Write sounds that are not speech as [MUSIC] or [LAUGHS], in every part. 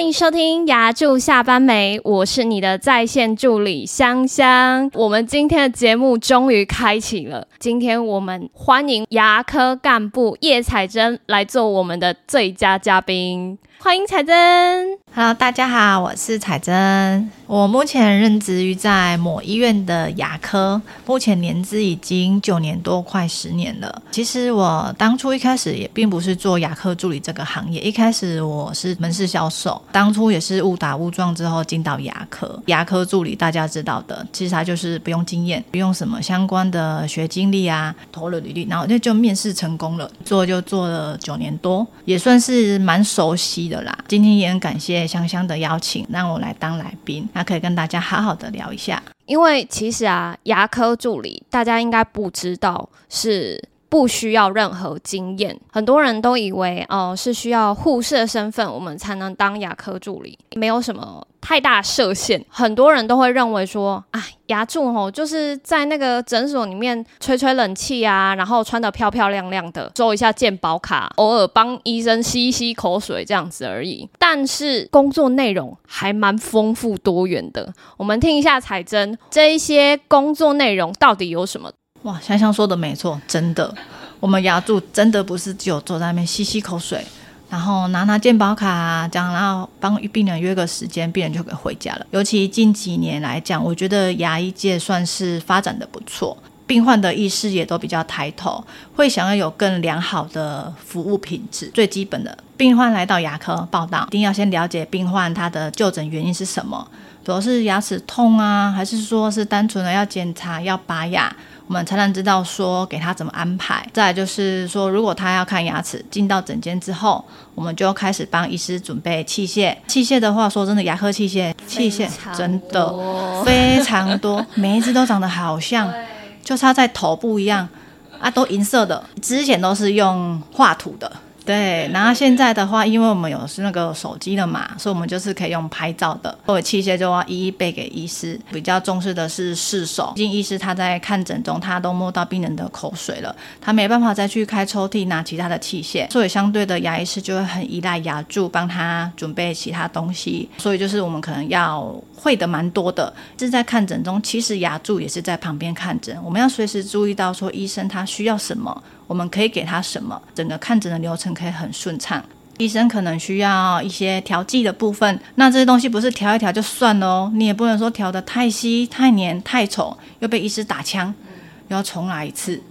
歡迎收聽牙助下班沒？我是你的在線助理香香。我們今天的節目終於開啟了。今天我們歡迎牙科幹部葉彩珍來做我們的最佳嘉賓。歡迎彩珍，Hello，大家好，我是彩珍。我目前任職於在某醫院的牙科，目前年資已經九年多，快十年了。其實我當初一開始也並不是做牙科助理這個行業，一開始我是門市銷售，當初也是誤打誤撞之後進到牙科。牙科助理大家知道的，其實他就是不用經驗，不用什麼相關的學經歷啊，投了履歷，然後就就面試成功了，做就做了九年多，也算是蠻熟悉的。的啦，今天也很感謝香香的邀請，讓我來當來賓，那可以跟大家好好的聊一下。因為其實啊，牙科助理大家應該不知道是。不需要任何經驗，很多人都以為哦、呃、是需要護士的身份，我們才能當牙科助理，沒有什麼太大設限。很多人都會認為說哎，牙助哦就是在那個診所裡面吹吹冷氣啊，然後穿得漂漂亮亮的，收一下健保卡，偶爾幫醫生吸一吸口水這樣子而已。但是工作內容還蠻豐富多元的，我們聽一下彩珍這一些工作內容到底有什麼。哇，香香說的沒錯，真的，我們牙助真的不是只有坐在那邊吸吸口水，然後拿拿健保卡啊，這樣，然後幫病人約個時間，病人就可以回家了。尤其近幾年來講，我覺得牙醫界算是發展的不錯。病患的意識也都比較抬頭，會想要有更良好的服務品質。最基本的，病患來到牙科報到，一定要先了解病患他的就診原因是什麼，主要是牙齒痛啊，還是說是單純的要檢查要拔牙？我們才能知道說給他怎麼安排。再來就是說，如果他要看牙齒，進到診間之後，我們就開始幫醫師準備器械。器械的話，說真的，牙科器械器械真的非常多，每一隻都長得好像。就差在頭部一樣，啊，都銀色的。之前都是用畫圖的。對，然後現在的話，因為我們有是那個手機了嘛，所以我們就是可以用拍照的。所以器械就要一一備給醫師。比較重視的是四手，畢竟醫師他在看診中，他都摸到病人的口水了，他沒辦法再去開抽屜拿其他的器械。所以相對的，牙醫師就會很依賴牙助幫他準備其他東西。所以就是我們可能要會的蠻多的。正是在看診中，其實牙助也是在旁邊看診，我們要隨時注意到說醫生他需要什麼。我們可以給他什麼？整個看診的流程可以很順暢。醫生可能需要一些調劑的部分，那這些東西不是調一調就算嘍、哦？你也不能說調得太稀、太黏、太重，又被醫師打槍，又要重來一次。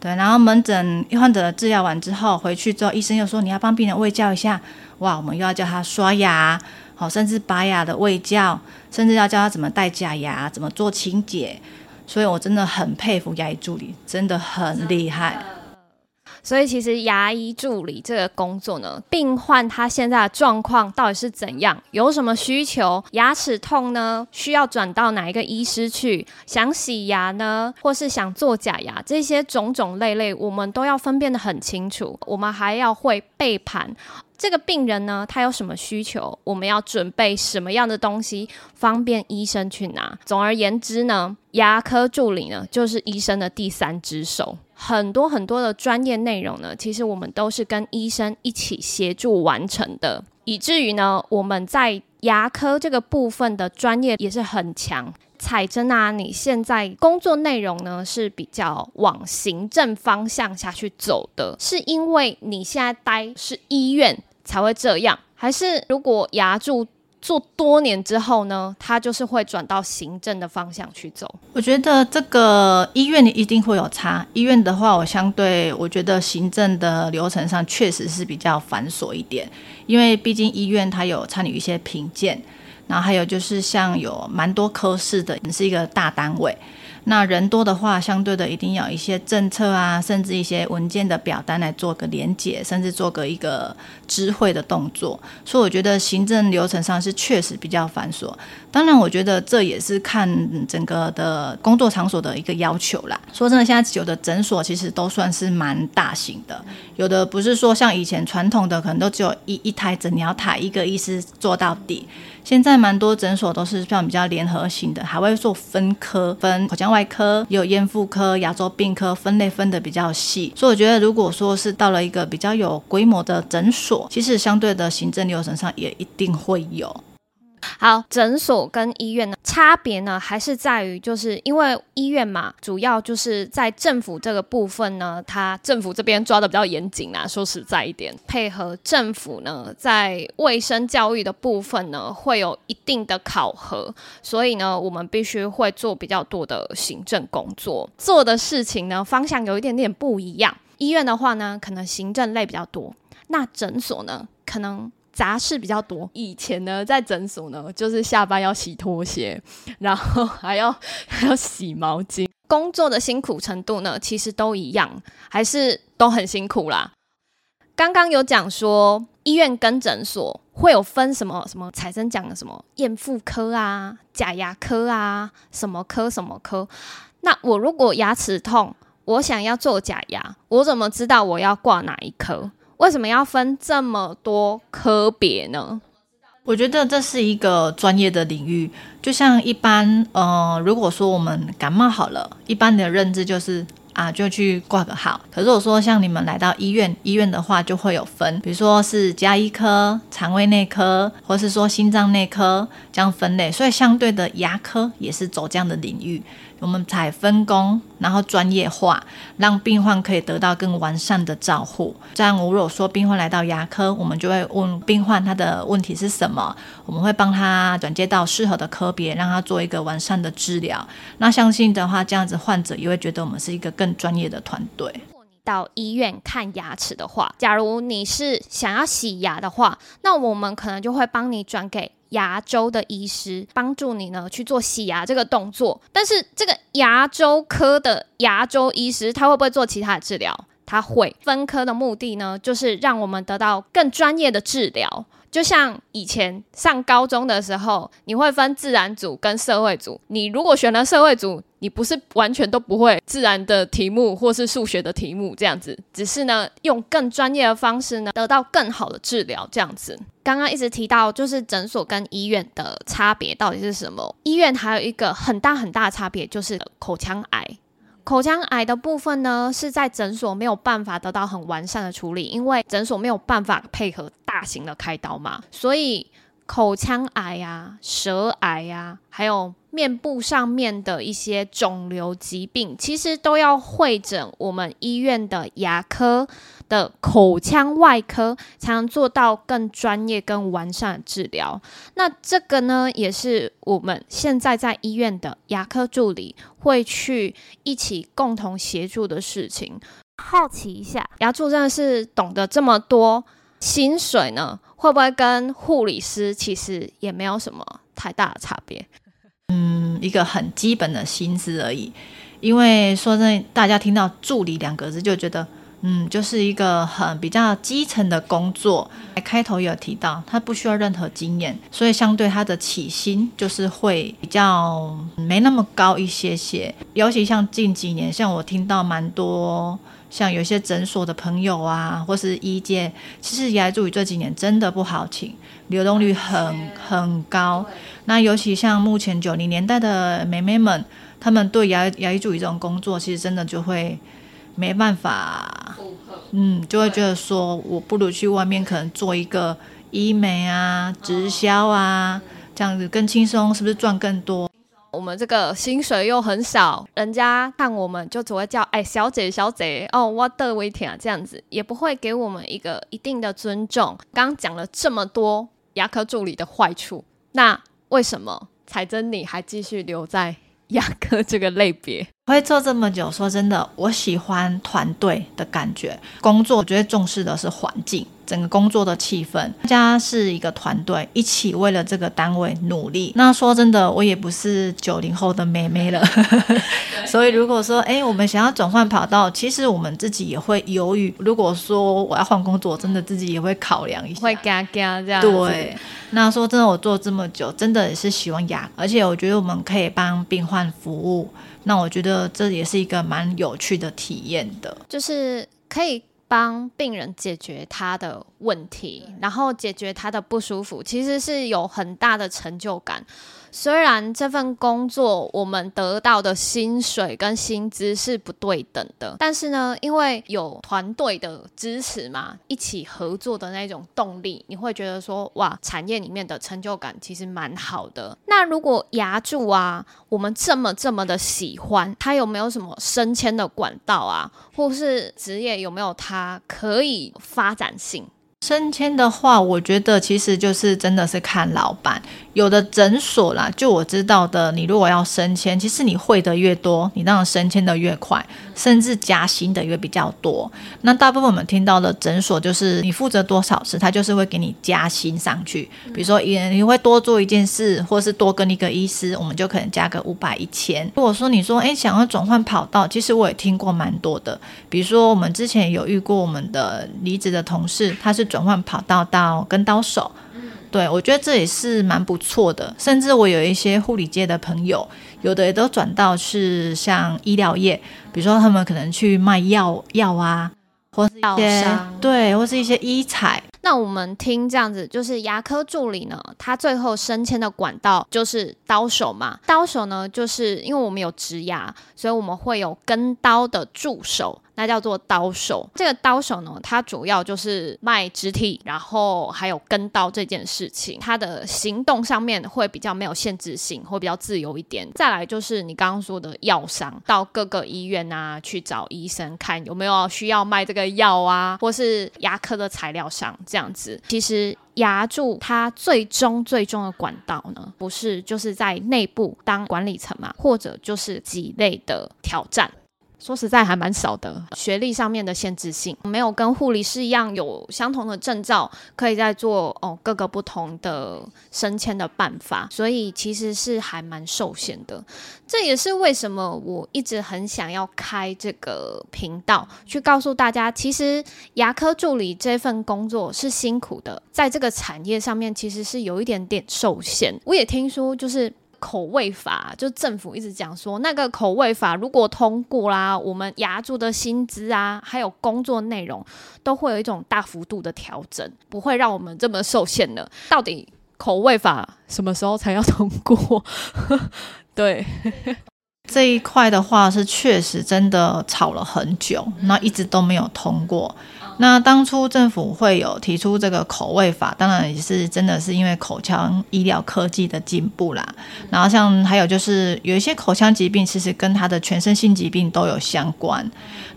對，然後門診患者的治療完之後，回去之後，醫生又說你要幫病人衛教一下。哇，我們又要教他刷牙，好，甚至拔牙的衛教，甚至要教他怎麼戴假牙、怎麼做清潔。所以，我真的很佩服牙醫助理，真的很厲害。所以，其實牙醫助理這個工作呢，病患他現在的狀況到底是怎樣？有什麼需求？牙齒痛呢，需要轉到哪一個醫師去？想洗牙呢，或是想做假牙，這些種種類類，我們都要分辨得很清楚。我們還要會備盤，這個病人呢，他有什麼需求，我們要準備什麼樣的東西，方便醫生去拿。總而言之呢，牙科助理呢，就是醫生的第三隻手。很多很多的專業內容呢，其實我們都是跟醫生一起協助完成的，以至於呢，我們在牙科這個部分的專業也是很強。彩珍啊，你現在工作內容呢是比較往行政方向下去走的，是因為你現在待是醫院才會這樣，還是如果牙柱？做多年之後呢，他就是會轉到行政的方向去走。我覺得這個醫院一定會有差。醫院的話，我相對我覺得行政的流程上確實是比較繁瑣一點，因為畢竟醫院它有參與一些評鑑，然後還有就是像有蠻多科室的，也是一個大單位。那人多的話，相對的一定有一些政策啊，甚至一些文件的表單來做個連接，甚至做個一個知會的動作。所以我覺得行政流程上是確實比較繁瑣。當然，我覺得這也是看整個的工作場所的一個要求啦。說真的，現在有的診所其實都算是蠻大型的，有的不是說像以前傳統的可能都只有一一台診療台，一個醫師做到底。現在蠻多診所都是像比較聯合型的，還會做分科分外科也有，贗復科、牙周病科，分類分得比較細，所以我覺得如果說是到了一個比較有規模的診所，其實相對的行政流程上也一定會有。好，診所跟醫院呢，差別呢還是在於，就是因為醫院嘛，主要就是在政府這個部分呢，它政府這邊抓得比較嚴謹啊。說實在一點，配合政府呢，在衛生教育的部分呢，會有一定的考核，所以呢，我們必須會做比較多的行政工作。做的事情呢，方向有一點點不一樣。醫院的話呢，可能行政類比較多，那診所呢，可能。雜事比較多。以前呢，在診所呢，就是下班要洗拖鞋，然後還要還要洗毛巾。工作的辛苦程度呢，其實都一樣，還是都很辛苦啦。剛剛有講說，醫院跟診所會有分什麼什麼，彩生講的什麼贋復科啊、假牙科啊，什麼科什麼科。那我如果牙齒痛，我想要做假牙，我怎麼知道我要掛哪一科？為什麼要分這麼多科別呢？我覺得這是一個專業的領域，就像一般，呃，如果說我們感冒好了，一般的認知就是啊，就去掛個號。可是我說，像你們來到醫院，醫院的話就會有分，比如說是家醫科、腸胃內科，或是說心臟內科，這樣分類。所以相對的，牙科也是走這樣的領域。我們採分工，然後專業化，讓病患可以得到更完善的照護。這樣，如果說病患來到牙科，我們就會問病患他的問題是什麼，我們會幫他轉接到適合的科別，讓他做一個完善的治療。那相信的話，這樣子患者也會覺得我們是一個更專業的團隊。到醫院看牙齒的話，假如你是想要洗牙的話，那我們可能就會幫你轉給牙周的醫師，幫助你呢去做洗牙這個動作。但是這個牙周科的牙周醫師，他會不會做其他的治療？他會。分科的目的呢，就是讓我們得到更專業的治療。就像以前上高中的時候，你會分自然組跟社會組，你如果選了社會組。你不是完全都不會自然的題目，或是數學的題目這樣子，只是呢用更專業的方式呢得到更好的治療這樣子。剛剛一直提到就是診所跟醫院的差別到底是什麼？醫院還有一個很大很大的差別就是口腔癌，口腔癌的部分呢是在診所沒有辦法得到很完善的處理，因為診所沒有辦法配合大型的開刀嘛，所以口腔癌呀、啊、舌癌呀、啊、還有。面部上面的一些腫瘤疾病，其實都要會診我們醫院的牙科的口腔外科，才能做到更專業、更完善的治療。那這個呢，也是我們現在在醫院的牙科助理會去一起共同協助的事情。好奇一下，牙助真的是懂得這麼多，薪水呢會不會跟護理師其實也沒有什麼太大的差別？一個很基本的薪資而已，因為說真，大家聽到助理兩個字就覺得，嗯，就是一個很比較基層的工作。開頭有提到，他不需要任何經驗，所以相對他的起薪就是會比較沒那麼高一些些。尤其像近幾年，像我聽到蠻多。像有些診所的朋友啊，或是醫界，其實牙醫助理這幾年真的不好請，流動率很很高。對那尤其像目前九零年代的妹妹們，她們對牙牙醫助理這種工作，其實真的就會沒辦法，嗯，就會覺得說，我不如去外面可能做一個醫美啊、直銷啊，這樣子更輕鬆，是不是賺更多？我們這個薪水又很少，人家看我們就只會叫哎，小姐小姐哦，what the waiting 啊，這樣子也不會給我們一個一定的尊重。剛講了這麼多牙科助理的壞處，那為什麼彩珍你還繼續留在牙科這個類別，會做這麼久？說真的，我喜歡團隊的感覺，工作我覺得重視的是環境。整個工作的氣氛，大家是一個團隊，一起為了這個單位努力。那說真的，我也不是九零後的妹妹了， [LAUGHS] 所以如果說，哎、欸，我們想要轉換跑道，其實我們自己也會猶豫。如果說我要換工作，真的自己也會考量一下。會嘎嘎，這樣對。那說真的，我做這麼久，真的也是喜歡牙。而且我覺得我們可以幫病患服務，那我覺得這也是一個蠻有趣的體驗的，就是可以。幫病人解決他的問題，然後解決他的不舒服，其實是有很大的成就感。雖然這份工作我們得到的薪水跟薪資是不對等的，但是呢，因為有團隊的支持嘛，一起合作的那種動力，你會覺得說哇，產業裡面的成就感其實蠻好的。那如果牙助啊，我們這麼這麼的喜歡，它有沒有什麼升遷的管道啊，或是職業有沒有它可以發展性？升遷的話，我覺得其實就是真的是看老闆。有的診所啦，就我知道的，你如果要升遷，其實你會的越多，你當然升遷的越快。甚至加薪的也比較多，那大部分我們聽到的診所就是你負責多少次，他就是會給你加薪上去。比如說，你你會多做一件事，或是多跟一個醫師，我們就可能加個五百一千。如果說你說，哎、欸，想要轉換跑道，其實我也聽過蠻多的。比如說，我們之前有遇過我們的離職的同事，他是轉換跑道到跟刀手。對，我覺得這也是蠻不錯的。甚至我有一些護理界的朋友，有的也都轉到是像醫療業，比如說他們可能去賣藥藥啊，或是藥商，對，或是一些醫材。那我們聽這樣子，就是牙科助理呢，他最後升遷的管道就是刀手嘛。刀手呢，就是因為我們有植牙，所以我們會有跟刀的助手。那叫做刀手，這個刀手呢，它主要就是賣植體，然後還有跟刀這件事情，它的行動上面會比較沒有限制性，會比較自由一點。再來就是你剛剛說的藥商，到各個醫院啊去找醫生看有沒有需要賣這個藥啊，或是牙科的材料商這樣子。其實牙助它最終最終的管道呢，不是就是在內部當管理層嘛，或者就是幾類的挑戰。說實在還蠻少的，學歷上面的限制性沒有跟護理師一樣有相同的證照，可以再做哦各個不同的升遷的辦法，所以其實是還蠻受限的。這也是為什麼我一直很想要開這個頻道，去告訴大家，其實牙科助理這份工作是辛苦的，在這個產業上面其實是有一點點受限。我也聽說就是。口味法，就政府一直講說，那個口味法如果通過啦，啊，我們牙助的薪資啊，還有工作內容都會有一種大幅度的調整，不會讓我們這麼受限了。到底口味法什麼時候才要通過？ [LAUGHS] 對。 [LAUGHS] 這一塊的話是確實真的吵了很久，那一直都沒有通過。那當初政府會有提出這個口衛法，當然也是真的是因為口腔醫療科技的進步啦。然後像還有就是有一些口腔疾病，其實跟他的全身性疾病都有相關。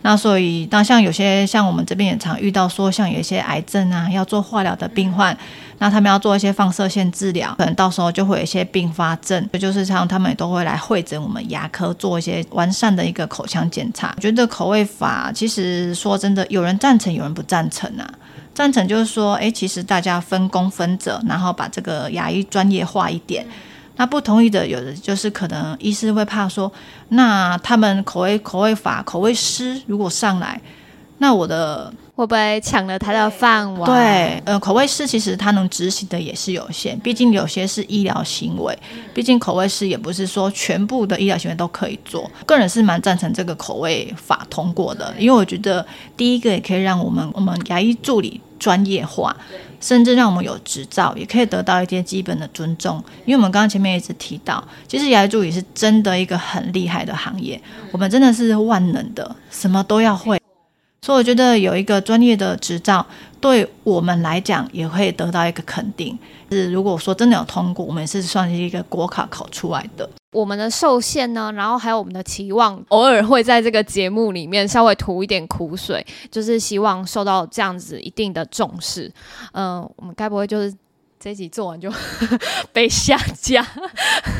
那所以當像有些像我們這邊也常遇到說，像有一些癌症啊要做化療的病患。那他們要做一些放射線治療，可能到時候就會有一些併發症。就是像他們也都會來會診我們牙科做一些完善的一個口腔檢查。覺得口衛法其實說真的，有人贊成，有人不贊成啊。贊成就是說，誒、欸，其實大家分工分責，然後把這個牙醫專業化一點。那不同意的，有的就是可能醫師會怕說，那他們口衛口衛法口衛師如果上來，那我的。會不會搶了他的飯碗？對，呃、嗯，口衛師其實他能執行的也是有限，畢竟有些是醫療行為，畢竟口衛師也不是說全部的醫療行為都可以做。個人是蠻贊成這個口衛法通過的，因為我覺得第一個也可以讓我們我們牙醫助理專業化，甚至讓我們有執照，也可以得到一些基本的尊重。因為我們剛剛前面一直提到，其實牙醫助理是真的一個很厲害的行業，我們真的是萬能的，什麼都要會。所以我覺得有一個專業的執照，對我們來講也會得到一個肯定。就是如果說真的有通過，我們也是算是一個國考考出來的。我們的受限呢，然後還有我們的期望，偶爾會在這個節目裡面稍微吐一點苦水，就是希望受到這樣子一定的重視。嗯、呃，我們該不會就是這集做完就 [LAUGHS] 被下架？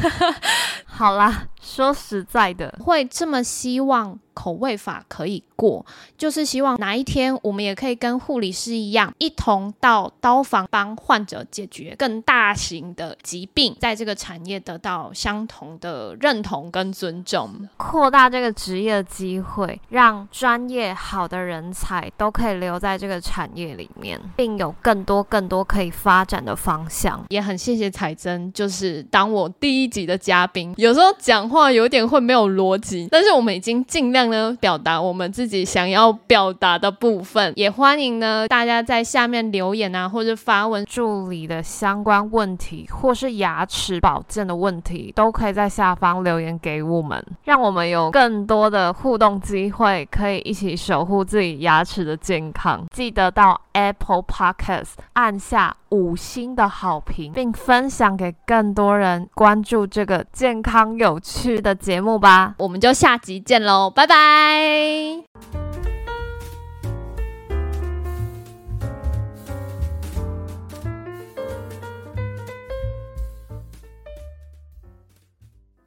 [LAUGHS] 好啦。說實在的，會這麼希望口味法可以過，就是希望哪一天我們也可以跟護理師一樣，一同到刀房幫患者解決更大型的疾病，在這個產業得到相同的認同跟尊重，擴大這個職業機會，讓專業好的人才都可以留在這個產業裡面，並有更多更多可以發展的方向。也很謝謝彩珍，就是當我第一集的嘉賓，有時候講話。話有點會沒有邏輯，但是我們已經盡量呢表達我們自己想要表達的部分，也歡迎呢大家在下面留言啊，或是發文助理的相關問題，或是牙齒保健的問題，都可以在下方留言給我們，讓我們有更多的互動機會，可以一起守護自己牙齒的健康，記得到。Apple Podcast，按下五星的好評，並分享給更多人，關注這個健康有趣的節目吧。我們就下集見嘍，拜拜。